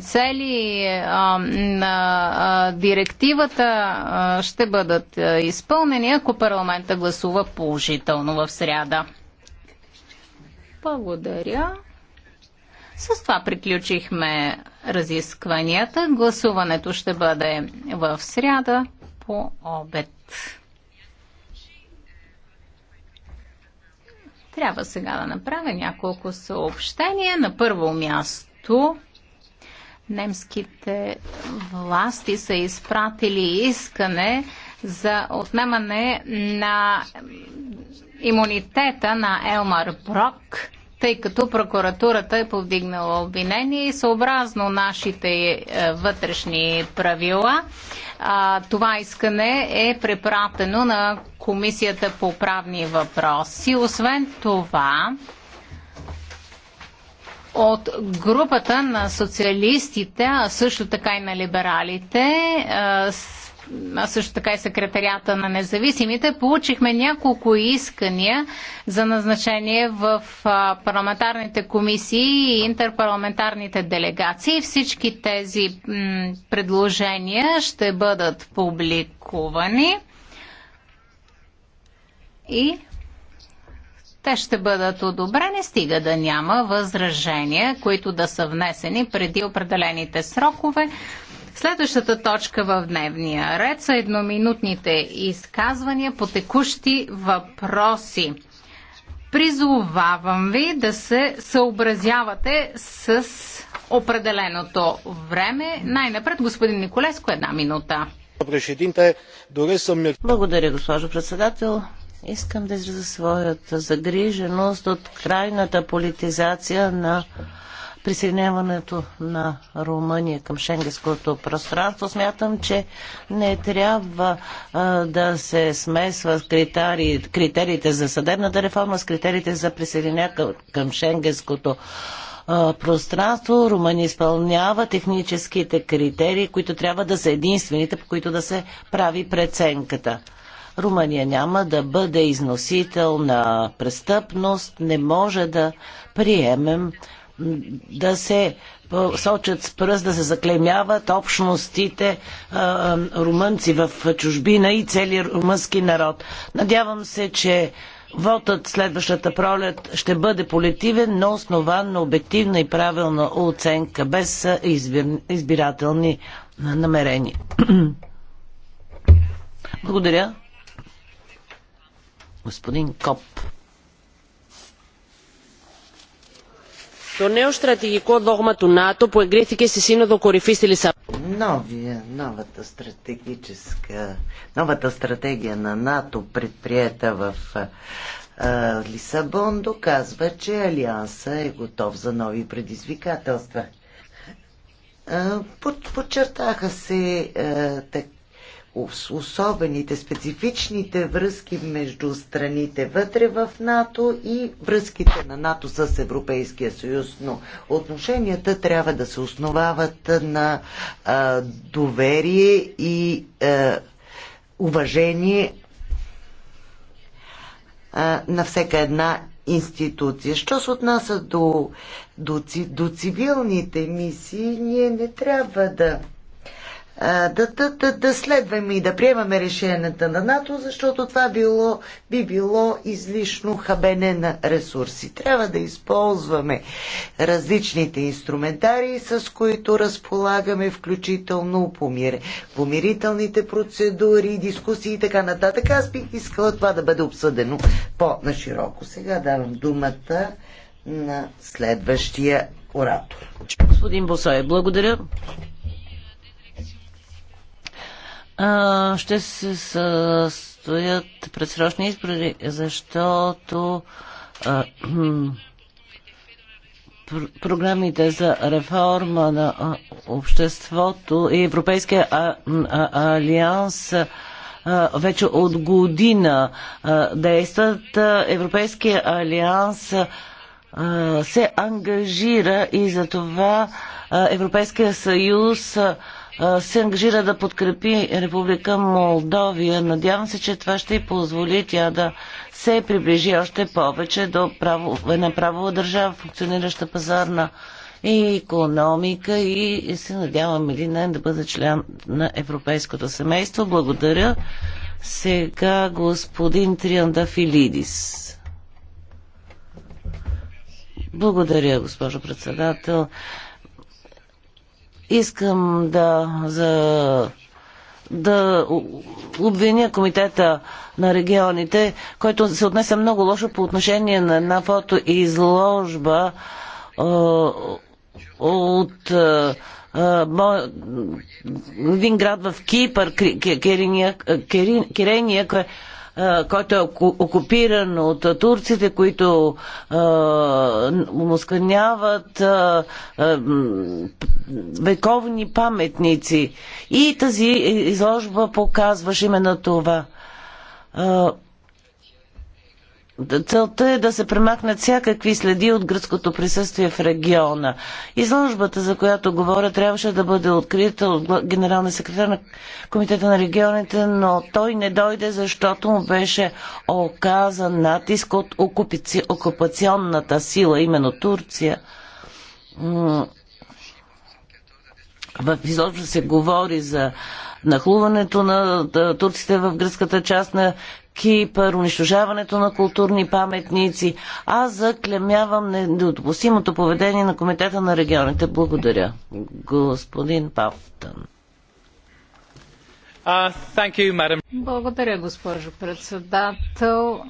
цели на директивата ще бъдат изпълнени, ако парламента гласува положително в среда. Благодаря. С това приключихме разискванията. Гласуването ще бъде в сряда по обед. Трябва сега да направя няколко съобщения. На първо място немските власти са изпратили искане за отнемане на имунитета на Елмар Брок, тъй като прокуратурата е повдигнала обвинение и съобразно нашите е, вътрешни правила. това искане е препратено на Комисията по правни въпроси. Освен това, от групата на социалистите, а също така и на либералите, а също така и секретарията на независимите, получихме няколко искания за назначение в парламентарните комисии и интерпарламентарните делегации. Всички тези предложения ще бъдат публикувани и те ще бъдат одобрени, стига да няма възражения, които да са внесени преди определените срокове. Следващата точка в дневния ред са едноминутните изказвания по текущи въпроси. Призовавам ви да се съобразявате с определеното време. Най-напред господин Николеско една минута. Благодаря, госпожо председател. Искам да изразя своята загриженост от крайната политизация на присъединяването на Румъния към шенгенското пространство. Смятам, че не трябва а, да се смесва критерии, критериите за съдебната реформа с критериите за присъединяване към, към шенгенското пространство. Румъния изпълнява техническите критерии, които трябва да са единствените, по които да се прави преценката. Румъния няма да бъде износител на престъпност, не може да приемем да се сочат с пръст, да се заклемяват общностите румънци в чужбина и цели румънски народ. Надявам се, че Вотът следващата пролет ще бъде полетивен, но основан на обективна и правилна оценка, без избир... избирателни намерения. Благодаря. Господин Коп. Το νέο στρατηγικό δόγμα του ΝΑΤΟ που εγκρίθηκε στη Σύνοδο Κορυφή στη Λισαβόνα. Новата стратегическа, новата стратегия на НАТО, предприета в а, Лисабон, доказва, че Алианса е готов за нови предизвикателства. Подчертаха се а, так, особените, специфичните връзки между страните вътре в НАТО и връзките на НАТО с Европейския съюз. Но отношенията трябва да се основават на а, доверие и а, уважение а, на всяка една институция. Що се отнася до, до, до цивилните мисии, ние не трябва да да, да, да, да следваме и да приемаме решенията на НАТО, защото това било, би било излишно хабене на ресурси. Трябва да използваме различните инструментари, с които разполагаме, включително помир... помирителните процедури, дискусии и така нататък. Аз бих искала това да бъде обсъдено по-нашироко. Сега давам думата на следващия оратор. Господин Босой, благодаря а, ще се състоят предсрочни избори, защото а, програмите за реформа на обществото и Европейския а, а, алианс вече от година действат. Европейския алианс се ангажира и за това Европейския съюз се ангажира да подкрепи Република Молдовия. Надявам се, че това ще й позволи тя да се приближи още повече до право, една правова държава, функционираща пазарна и економика и се надявам или не да бъде член на Европейското семейство. Благодаря. Сега господин Трианда Филидис. Благодаря, госпожо председател. Искам да, за, да обвиня комитета на регионите, който се отнесе много лошо по отношение на една фотоизложба е, от е, в Кипър, Керения, Керения, който е окупиран от турците, които умосканяват вековни паметници. И тази е, изложба показваше именно това. Целта е да се премахнат всякакви следи от гръцкото присъствие в региона. Изложбата, за която говоря, трябваше да бъде открита от генералния секретар на Комитета на регионите, но той не дойде, защото му беше оказан натиск от окупици... окупационната сила, именно Турция. В изложба се говори за нахлуването на турците в гръцката част на Кипър, унищожаването на културни паметници. Аз заклемявам недопустимото поведение на Комитета на регионите. Благодаря. Господин Павтън. Uh, you, Благодаря, госпожо председател.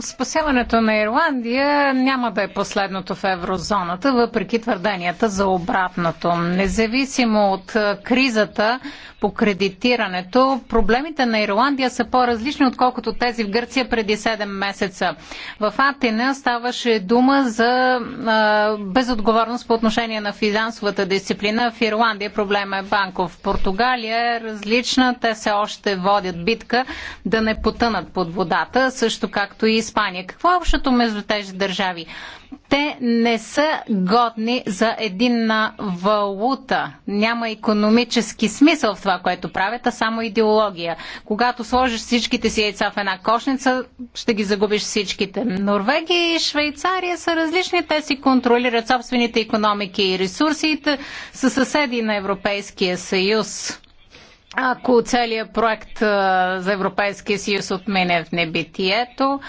Спасяването на Ирландия няма да е последното в еврозоната, въпреки твърденията за обратното. Независимо от кризата по кредитирането, проблемите на Ирландия са по-различни, отколкото тези в Гърция преди 7 месеца. В Атина ставаше дума за а, безотговорност по отношение на финансовата дисциплина. В Ирландия проблема е банков. В Португалия е различна. Те се още водят битка да не потънат под водата, също както и Испания. Какво е общото между тези държави? Те не са годни за единна валута. Няма економически смисъл в това, което правят, а само идеология. Когато сложиш всичките си яйца в една кошница, ще ги загубиш всичките. Норвегия и Швейцария са различни. Те си контролират собствените економики и ресурсите са съседи на Европейския съюз ако целият проект за Европейския съюз отмине в небитието,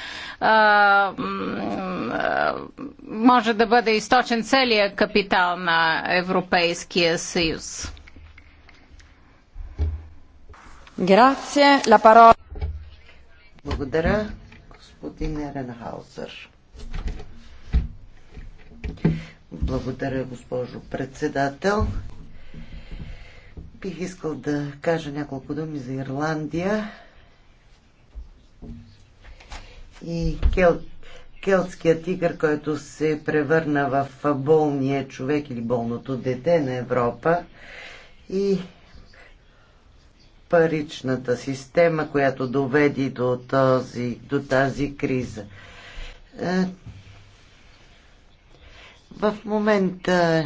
може да бъде източен целият капитал на Европейския съюз. Благодаря, господин Еренхаузер. Благодаря, госпожо председател. Бих искал да кажа няколко думи за Ирландия и кел... келтския тигър, който се превърна в болния човек или болното дете на Европа и паричната система, която доведи до, този, до тази криза. Е, в момента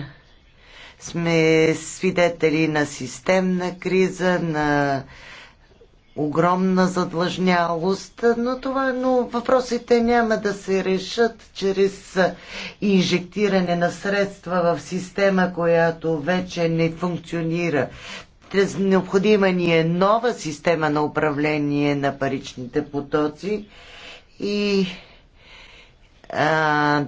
сме свидетели на системна криза, на огромна задлъжнялост, но, това, но въпросите няма да се решат чрез инжектиране на средства в система, която вече не функционира. Необходима ни е нова система на управление на паричните потоци и а,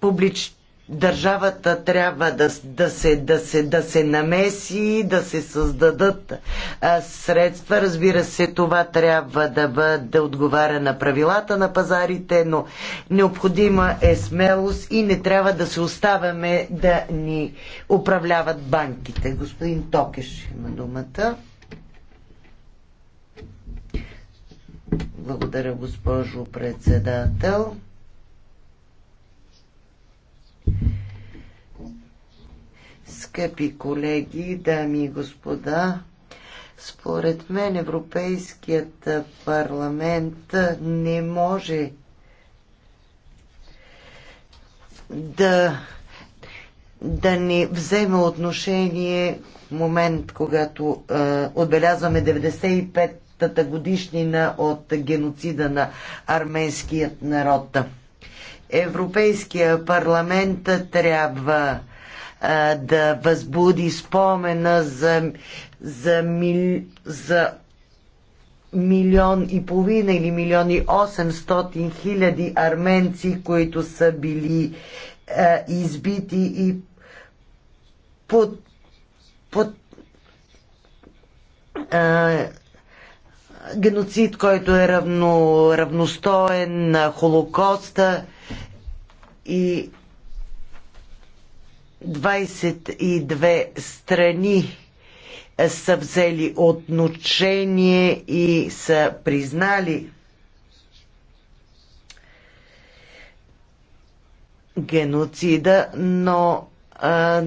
публич, държавата трябва да, да, се, да, се, да се намеси, да се създадат а, средства. Разбира се, това трябва да, бъде, да отговаря на правилата на пазарите, но необходима е смелост и не трябва да се оставяме да ни управляват банките. Господин Токеш има думата. Благодаря, госпожо председател. Скъпи колеги, дами и господа, според мен Европейският парламент не може да, да не вземе отношение в момент, когато е, отбелязваме 95-та годишнина от геноцида на арменският народ. Европейския парламент трябва да възбуди спомена за, за, мил, за милион и половина или милион и 800 хиляди арменци, които са били а, избити и под, под а, геноцид, който е равно, равностоен на Холокоста и 22 страни е, са взели отношение и са признали геноцида, но а, е,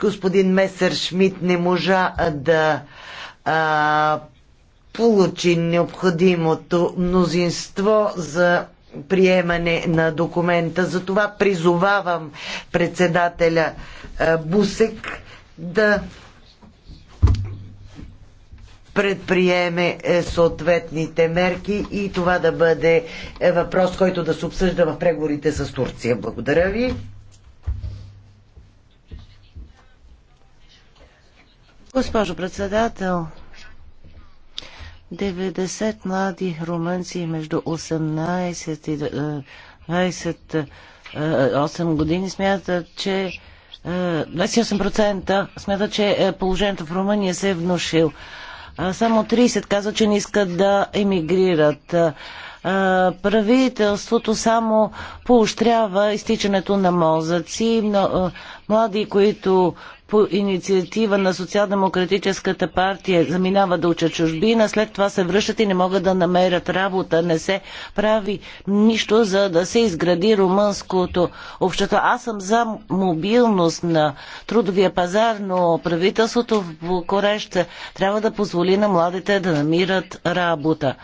господин Месер Шмидт не можа е, да а, получи необходимото мнозинство за приемане на документа. Затова призовавам председателя е, Бусек да предприеме е, съответните мерки и това да бъде е, въпрос, който да се обсъжда в преговорите с Турция. Благодаря ви. Госпожо председател, 90 млади румънци между 18 и 28 е, е, години смятат, че 28% е, смятат, че положението в Румъния се е внушил. Само 30 казват, че не искат да емигрират. Правителството само поощрява изтичането на мозъци. Млади, които по инициатива на Социал-демократическата партия заминават да учат чужбина, след това се връщат и не могат да намерят работа. Не се прави нищо, за да се изгради румънското общество. Аз съм за мобилност на трудовия пазар, но правителството в Букурещ трябва да позволи на младите да намират работа.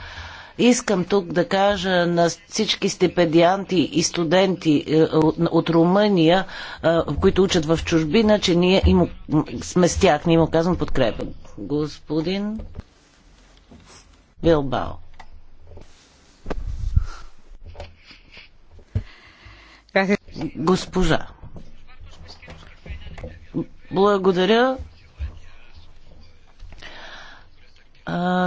Искам тук да кажа на всички стипендианти и студенти е, от Румъния, е, които учат в чужбина, че ние им, сме с тях, ние им оказвам подкрепа. Господин Билбао. Госпожа. Благодаря.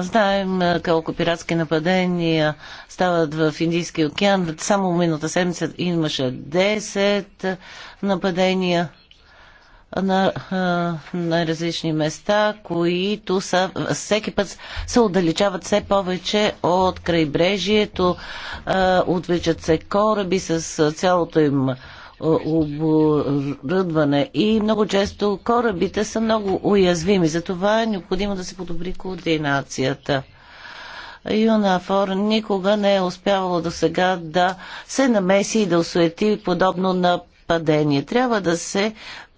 Знаем колко пиратски нападения стават в Индийския океан. Само миналата седмица имаше 10 нападения на, на различни места, които са, всеки път се отдалечават все повече от крайбрежието, отвличат се кораби с цялото им оборудване и много често корабите са много уязвими. Затова е необходимо да се подобри координацията. ЮНАФОР никога не е успявало до сега да се намеси и да осуети подобно на падение. Трябва да се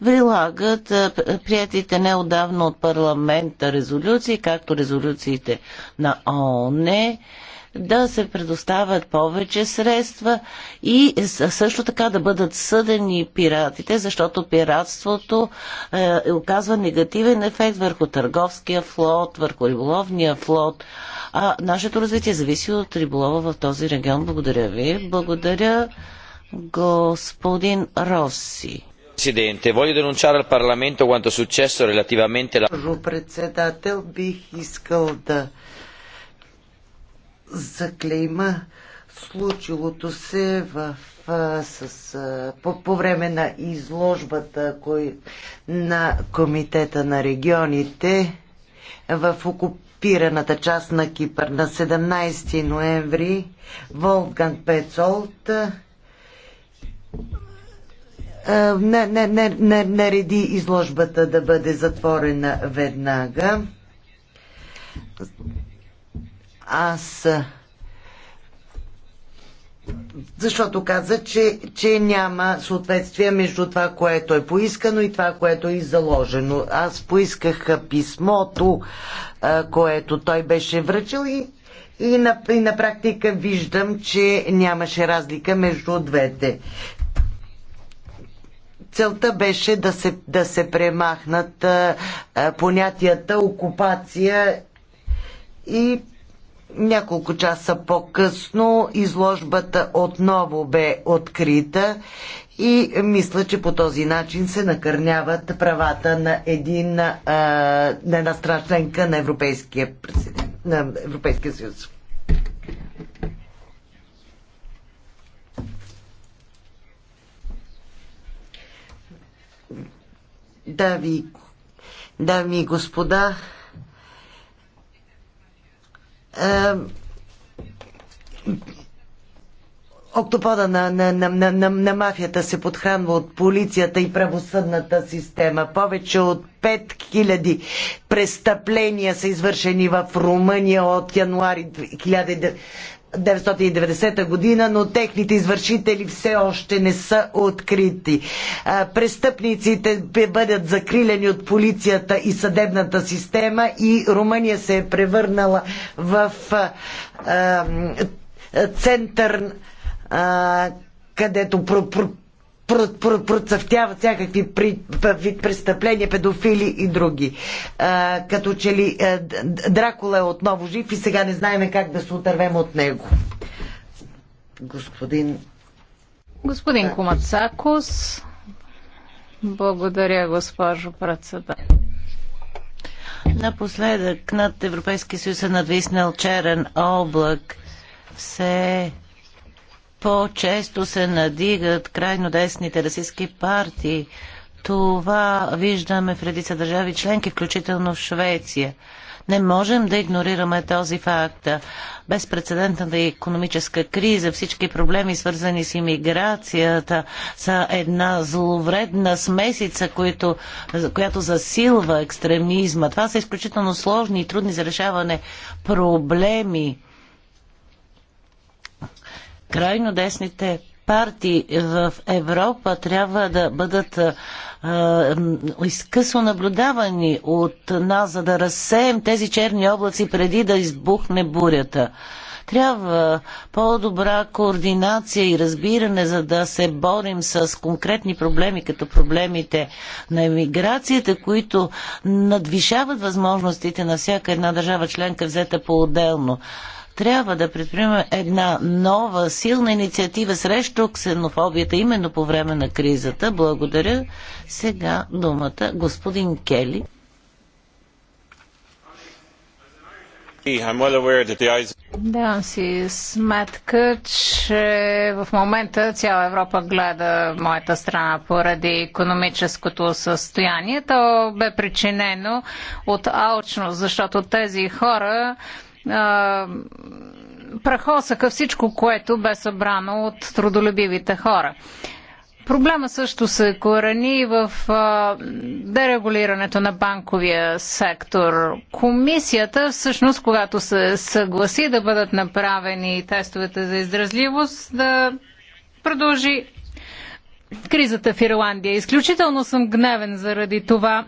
прилагат е, приятите неодавно от парламента резолюции, както резолюциите на ООН да се предоставят повече средства и също така да бъдат съдени пиратите, защото пиратството е, е, оказва негативен ефект върху търговския флот, върху риболовния флот. А нашето развитие зависи от риболова в този регион. Благодаря ви. Благодаря господин Роси. Presidente, voglio denunciare al Parlamento quanto successo relativamente alla... Председател, бих искал да заклейма случилото се в, а, с, а, по, по време на изложбата кой, на Комитета на регионите в окупираната част на Кипър на 17 ноември Волган Пецолт не, не, не, не, нареди изложбата да бъде затворена веднага. Аз защото каза, че, че няма съответствие между това, което е поискано и това, което е заложено. Аз поисках писмото, което той беше връчил и, и, на, и на практика виждам, че нямаше разлика между двете. Целта беше да се, да се премахнат понятията окупация и няколко часа по-късно изложбата отново бе открита и мисля, че по този начин се накърняват правата на, един, а, на една страшленка на Европейския, на Европейския съюз. Дави, дами и господа, е, октопода на, на, на, на, на, на мафията се подхранва от полицията и правосъдната система. Повече от 5000 престъпления са извършени в Румъния от януари 1990 година, но техните извършители все още не са открити. Престъпниците бъдат закрилени от полицията и съдебната система и Румъния се е превърнала в център където процъфтяват всякакви при, вид престъпления, педофили и други. А, като че ли а, Дракула е отново жив и сега не знаем как да се отървем от него. Господин. Господин Комацакос. Благодаря, госпожо председател. Напоследък над Европейския съюз е надвиснал черен облак. Все по-често се надигат крайно десните расистски партии. Това виждаме в редица държави членки, включително в Швеция. Не можем да игнорираме този факт. Безпредседентната е економическа криза, всички проблеми свързани с иммиграцията са една зловредна смесица, която, която засилва екстремизма. Това са изключително сложни и трудни за решаване проблеми крайно десните партии в Европа трябва да бъдат изкъсно наблюдавани от нас, за да разсеем тези черни облаци преди да избухне бурята. Трябва по-добра координация и разбиране, за да се борим с конкретни проблеми, като проблемите на емиграцията, които надвишават възможностите на всяка една държава членка, взета по-отделно трябва да предприеме една нова силна инициатива срещу ксенофобията именно по време на кризата. Благодаря. Сега думата господин Кели. Давам си сметка, че в момента цяла Европа гледа моята страна поради економическото състояние. То бе причинено от алчност, защото тези хора прахосаха всичко, което бе събрано от трудолюбивите хора. Проблема също се корени в а, дерегулирането на банковия сектор. Комисията, всъщност, когато се съгласи да бъдат направени тестовете за издразливост, да продължи кризата в Ирландия. Изключително съм гневен заради това,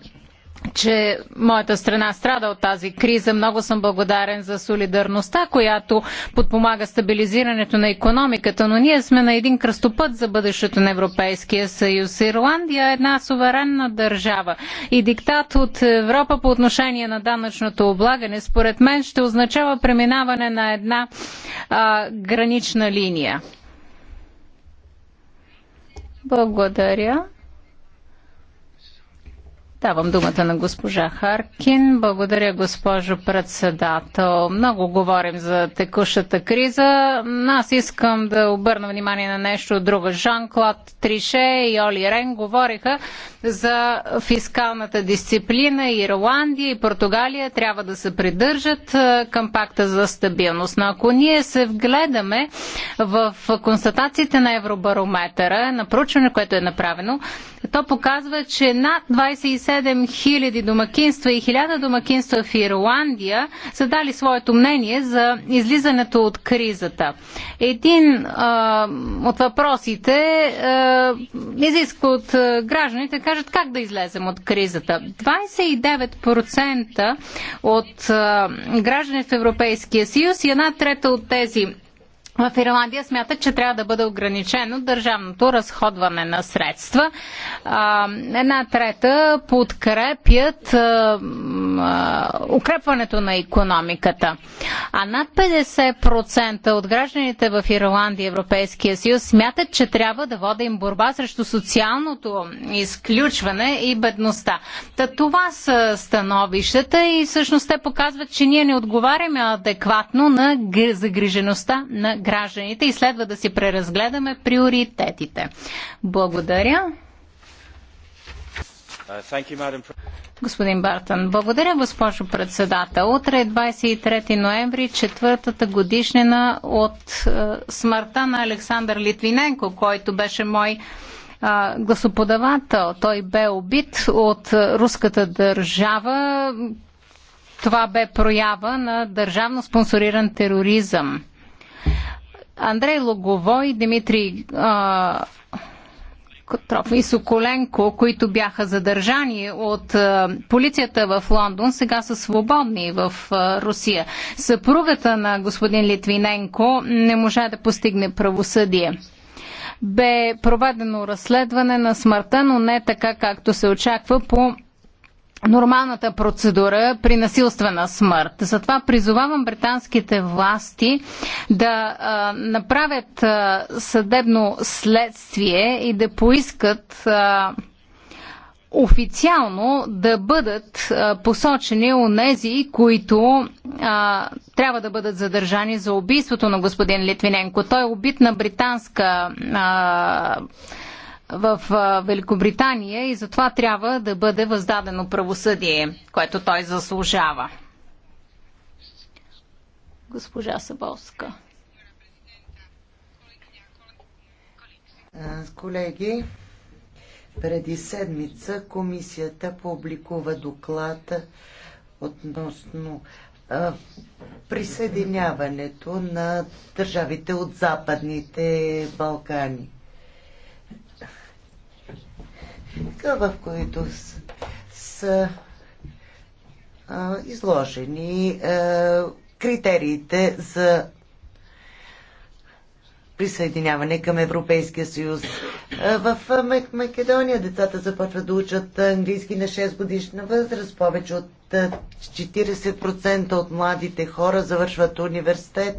че моята страна страда от тази криза. Много съм благодарен за солидарността, която подпомага стабилизирането на економиката, но ние сме на един кръстопът за бъдещето на Европейския съюз. Ирландия е една суверенна държава и диктат от Европа по отношение на данъчното облагане, според мен ще означава преминаване на една а, гранична линия. Благодаря. Давам думата на госпожа Харкин. Благодаря, госпожо председател. Много говорим за текущата криза. Аз искам да обърна внимание на нещо друго. Жан-Клод Трише и Оли Рен говориха за фискалната дисциплина. Ирландия и Португалия трябва да се придържат към пакта за стабилност. Но ако ние се вгледаме в констатациите на Евробарометъра, на проучване, което е направено, то показва, че над 27 7 000 домакинства и 1000 домакинства в Ирландия са дали своето мнение за излизането от кризата. Един а, от въпросите а, изисква от гражданите кажат как да излезем от кризата. 29% от а, граждани в Европейския съюз и една трета от тези в Ирландия смятат, че трябва да бъде ограничено държавното разходване на средства. Една трета подкрепят укрепването на економиката. А над 50% от гражданите в Ирландия и Европейския съюз смятат, че трябва да водим борба срещу социалното изключване и бедността. Та това са становищата и всъщност те показват, че ние не отговаряме адекватно на загрижеността на гражданите и следва да си преразгледаме приоритетите. Благодаря. Uh, Господин Бартън, благодаря, госпожо председател. Утре е 23 ноември, четвъртата годишнина от е, смъртта на Александър Литвиненко, който беше мой е, гласоподавател. Той бе убит от руската държава. Това бе проява на държавно спонсориран тероризъм. Андрей Логовой, Димитрий Котров и Соколенко, които бяха задържани от а, полицията в Лондон, сега са свободни в а, Русия. Съпругата на господин Литвиненко не можа да постигне правосъдие бе проведено разследване на смъртта, но не така както се очаква по нормалната процедура при насилствена смърт. Затова призовавам британските власти да а, направят а, съдебно следствие и да поискат а, официално да бъдат а, посочени онези, които а, трябва да бъдат задържани за убийството на господин Литвиненко. Той е убит на британска а, в Великобритания и затова трябва да бъде въздадено правосъдие, което той заслужава. Госпожа Саболска. Колеги, преди седмица комисията публикува доклад относно присъединяването на държавите от Западните Балкани. членка, в които са, изложени критериите за присъединяване към Европейския съюз. В Македония децата започват да учат английски на 6 годишна възраст. Повече от 40% от младите хора завършват университет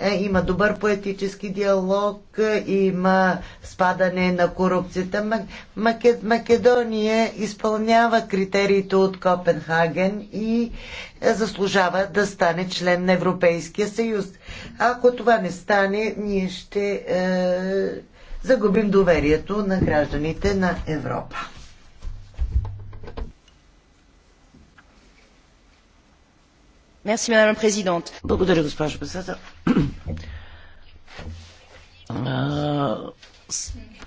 е, има добър поетически диалог, е, има спадане на корупцията. Македония изпълнява критериите от Копенхаген и е, заслужава да стане член на Европейския съюз. Ако това не стане, ние ще е, загубим доверието на гражданите на Европа. Благодаря, госпожо председател.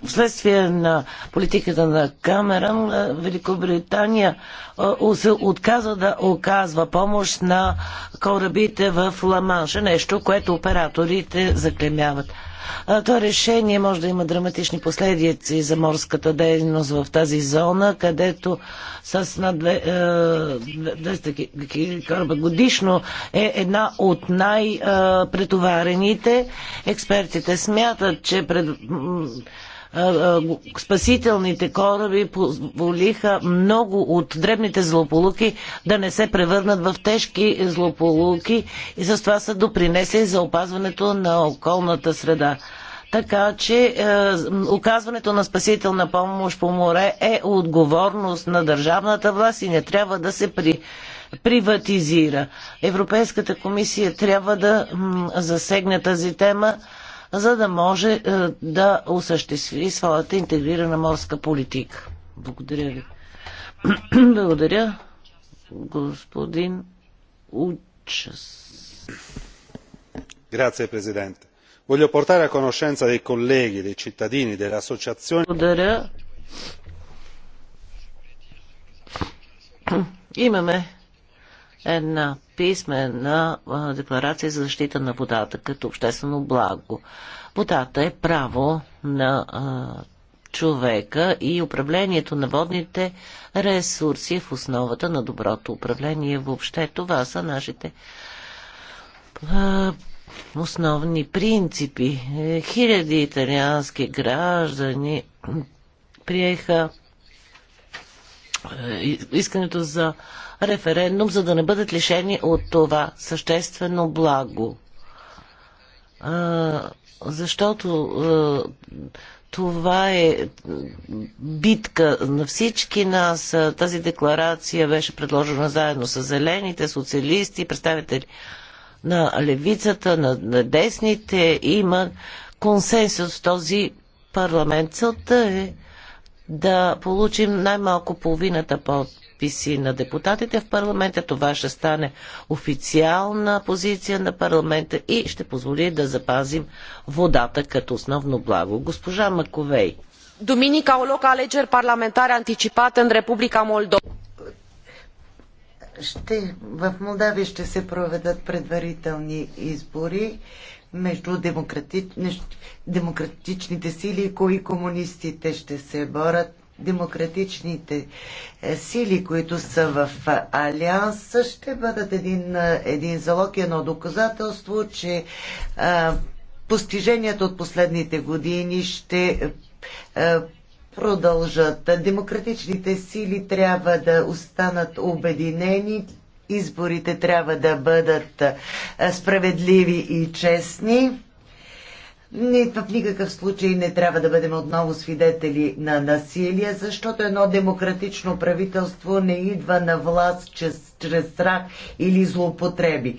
Вследствие на политиката на Камерън, Великобритания се отказва да оказва помощ на корабите в Ламанша, нещо, което операторите заклемяват. Това решение може да има драматични последици за морската дейност в тази зона, където с над 200 е, кораба годишно е една от най-претоварените. Е, Експертите смятат, че пред спасителните кораби позволиха много от дребните злополуки да не се превърнат в тежки злополуки и с това са допринесе за опазването на околната среда. Така че е, оказването на спасителна помощ по море е отговорност на държавната власт и не трябва да се при, приватизира. Европейската комисия трябва да засегне тази тема за да може е, да осъществи своята интегрирана морска политика. Благодаря ви. Благодаря, господин Учас. Grazie Presidente. Voglio portare a conoscenza dei colleghi, dei cittadini, delle associazioni. Благодаря. Имаме една писмена декларация за защита на водата като обществено благо. Водата е право на човека и управлението на водните ресурси е в основата на доброто управление. Въобще това са нашите основни принципи. Е, хиляди италиански граждани приеха е, искането за референдум, за да не бъдат лишени от това съществено благо. А, защото а, това е битка на всички нас. Тази декларация беше предложена заедно с зелените, социалисти, представители на левицата, на, на десните. Има консенсус в този парламент. Целта е да получим най-малко половината под подписи на депутатите в парламента. Това ще стане официална позиция на парламента и ще позволи да запазим водата като основно благо. Госпожа Маковей. Доминика au алегер парламентар антиципат anticipate Република Молдова. Ще, в Молдавия ще се проведат предварителни избори между демократич, демократичните сили, кои комунистите ще се борят демократичните е, сили, които са в Алианс, ще бъдат един, е, един залог и едно доказателство, че постиженията от последните години ще е, продължат. Демократичните сили трябва да останат обединени, изборите трябва да бъдат справедливи и честни не, в никакъв случай не трябва да бъдем отново свидетели на насилие, защото едно демократично правителство не идва на власт чрез, чрез страх или злоупотреби.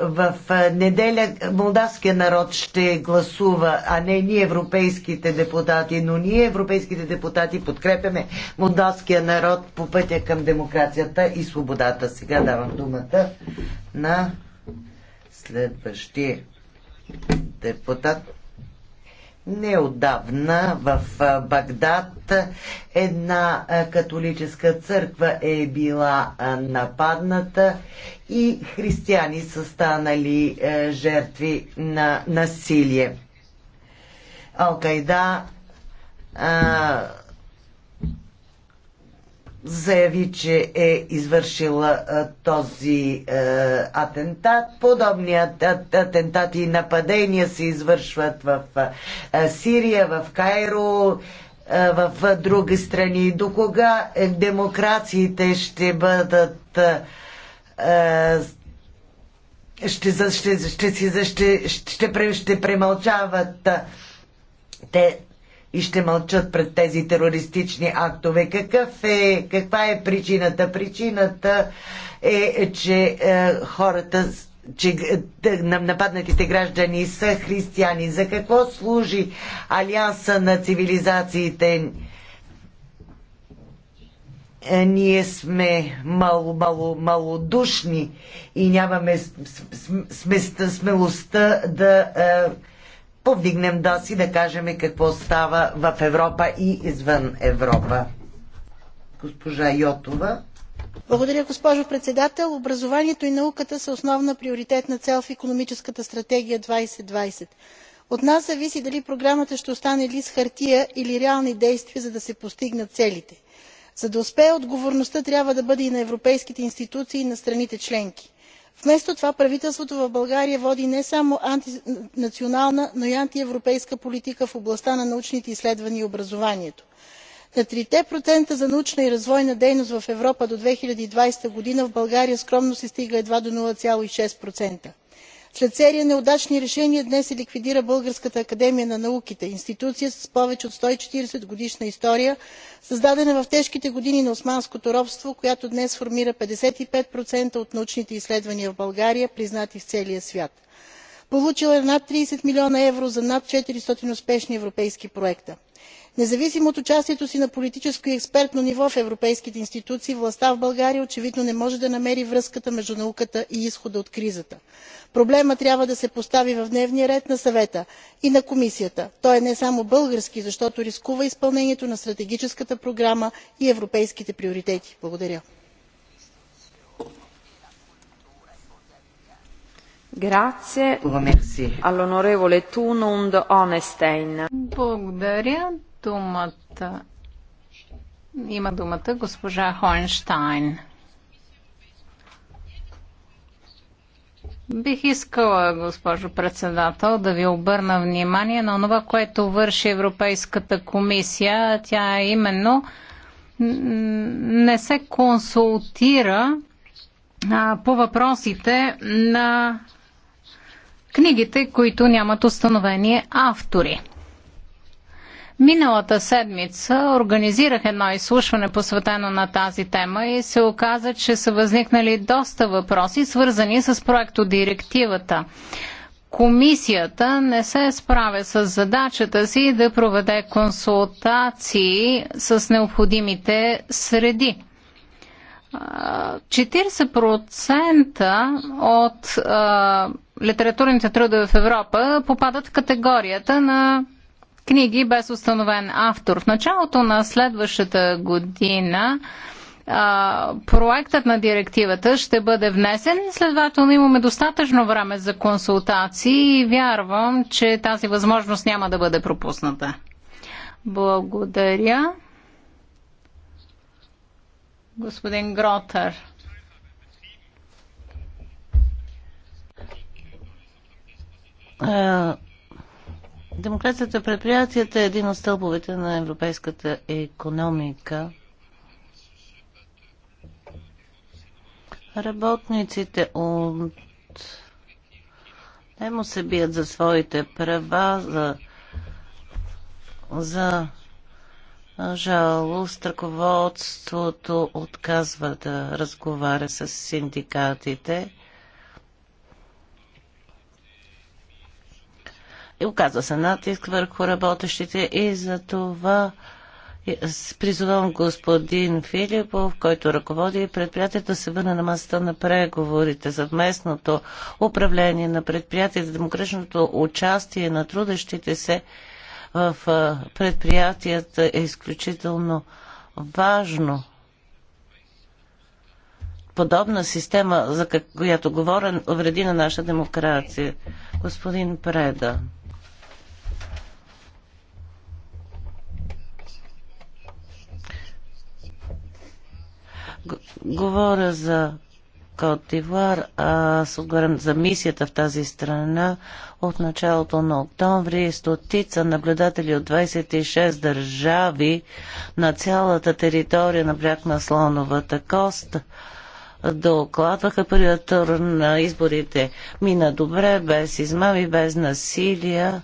В неделя молдавския народ ще гласува, а не ние европейските депутати, но ние европейските депутати подкрепяме молдавския народ по пътя към демокрацията и свободата. Сега давам думата на следващия депутат. Неодавна в Багдад една католическа църква е била нападната и християни са станали жертви на насилие. Алкайда заяви, че е извършила този атентат. Подобни атентати и нападения се извършват в Сирия, в Кайро, в други страни. До кога е, демокрациите ще бъдат ще, ще, ще, ще, ще, ще, ще премълчават те и ще мълчат пред тези терористични актове. Какъв е, каква е причината? Причината е, че е, хората че е, нападнатите граждани са християни. За какво служи Алианса на цивилизациите? Е, ние сме мало, мало, малодушни и нямаме смелостта да е, повдигнем дос и да кажем какво става в Европа и извън Европа. Госпожа Йотова. Благодаря, госпожо председател. Образованието и науката са основна приоритетна цел в економическата стратегия 2020. От нас зависи дали програмата ще остане ли с хартия или реални действия, за да се постигнат целите. За да успее отговорността трябва да бъде и на европейските институции и на страните членки вместо това правителството в България води не само антинационална но и антиевропейска политика в областта на научните изследвания и образованието. на трите процента за научна и развойна дейност в европа до 2020 година г. в България скромно се стига едва до 0,6%. процента след серия неудачни решения днес се ликвидира българската академия на науките институция с повече от 140-годишна история, създадена в тежките години на османското робство, която днес формира 55% от научните изследвания в България, признати в целия свят. Получила е над 30 милиона евро за над 400 успешни европейски проекта независимо от участието си на политическо и експертно ниво в европейските институции властта в българя очевидно не може да намери връзката между науката и изхода от кризата. проблемът трябва да се постави в дневния ред на съвета и на комисията. той е не само български защото рискува изпълнението на стратегическата програма и европейските приоритети. благодаря. Благодаря думата. Има думата госпожа Хойнштайн. Бих искала, госпожо председател, да ви обърна внимание на това, което върши Европейската комисия. Тя именно не се консултира а, по въпросите на книгите, които нямат установени автори. Миналата седмица организирах едно изслушване посветено на тази тема и се оказа, че са възникнали доста въпроси, свързани с проекто директивата. Комисията не се справя с задачата си да проведе консултации с необходимите среди. 40% от а, литературните трудове в Европа попадат в категорията на книги без установен автор. В началото на следващата година а, проектът на директивата ще бъде внесен. Следователно имаме достатъчно време за консултации и вярвам, че тази възможност няма да бъде пропусната. Благодаря. Господин Гротър. Uh... Демокрацията предприятията е един от стълбовете на европейската економика. Работниците от не му се бият за своите права, за, за жалост. страководството отказва да разговаря с синдикатите. оказва се натиск върху работещите и за това призовам господин Филипов, който ръководи предприятието, да се върне на масата на преговорите за местното управление на предприятието, демократичното участие на трудещите се в предприятията е изключително важно. Подобна система, за която говоря, вреди на наша демокрация. Господин Преда. Говоря за Котивар, а Аз отговарям за мисията в тази страна. От началото на октомври стотица наблюдатели от 26 държави на цялата територия на бряг на Слоновата кост докладваха първият тур на изборите. Мина добре, без измами, без насилия.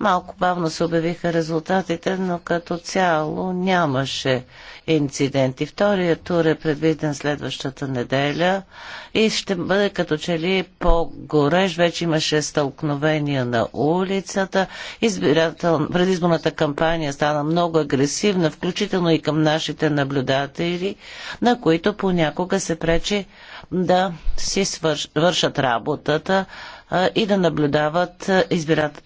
Малко бавно се обявиха резултатите, но като цяло нямаше инциденти. Вторият тур е предвиден следващата неделя и ще бъде като че ли по-горещ. Вече имаше стълкновения на улицата. Избирател... Предизборната кампания стана много агресивна, включително и към нашите наблюдатели, на които понякога се пречи да си свърш... вършат работата и да наблюдават избират,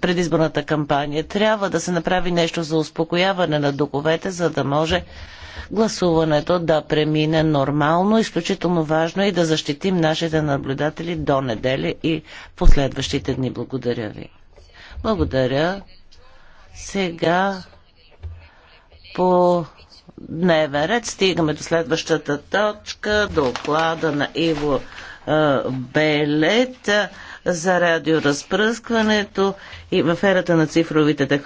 предизборната кампания. Трябва да се направи нещо за успокояване на духовете, за да може гласуването да премине нормално. Изключително важно е и да защитим нашите наблюдатели до неделя и последващите дни. Благодаря ви. Благодаря. Сега по дневен ред стигаме до следващата точка, доклада на Иво Белет за радиоразпръскването и в ерата на цифровите технологии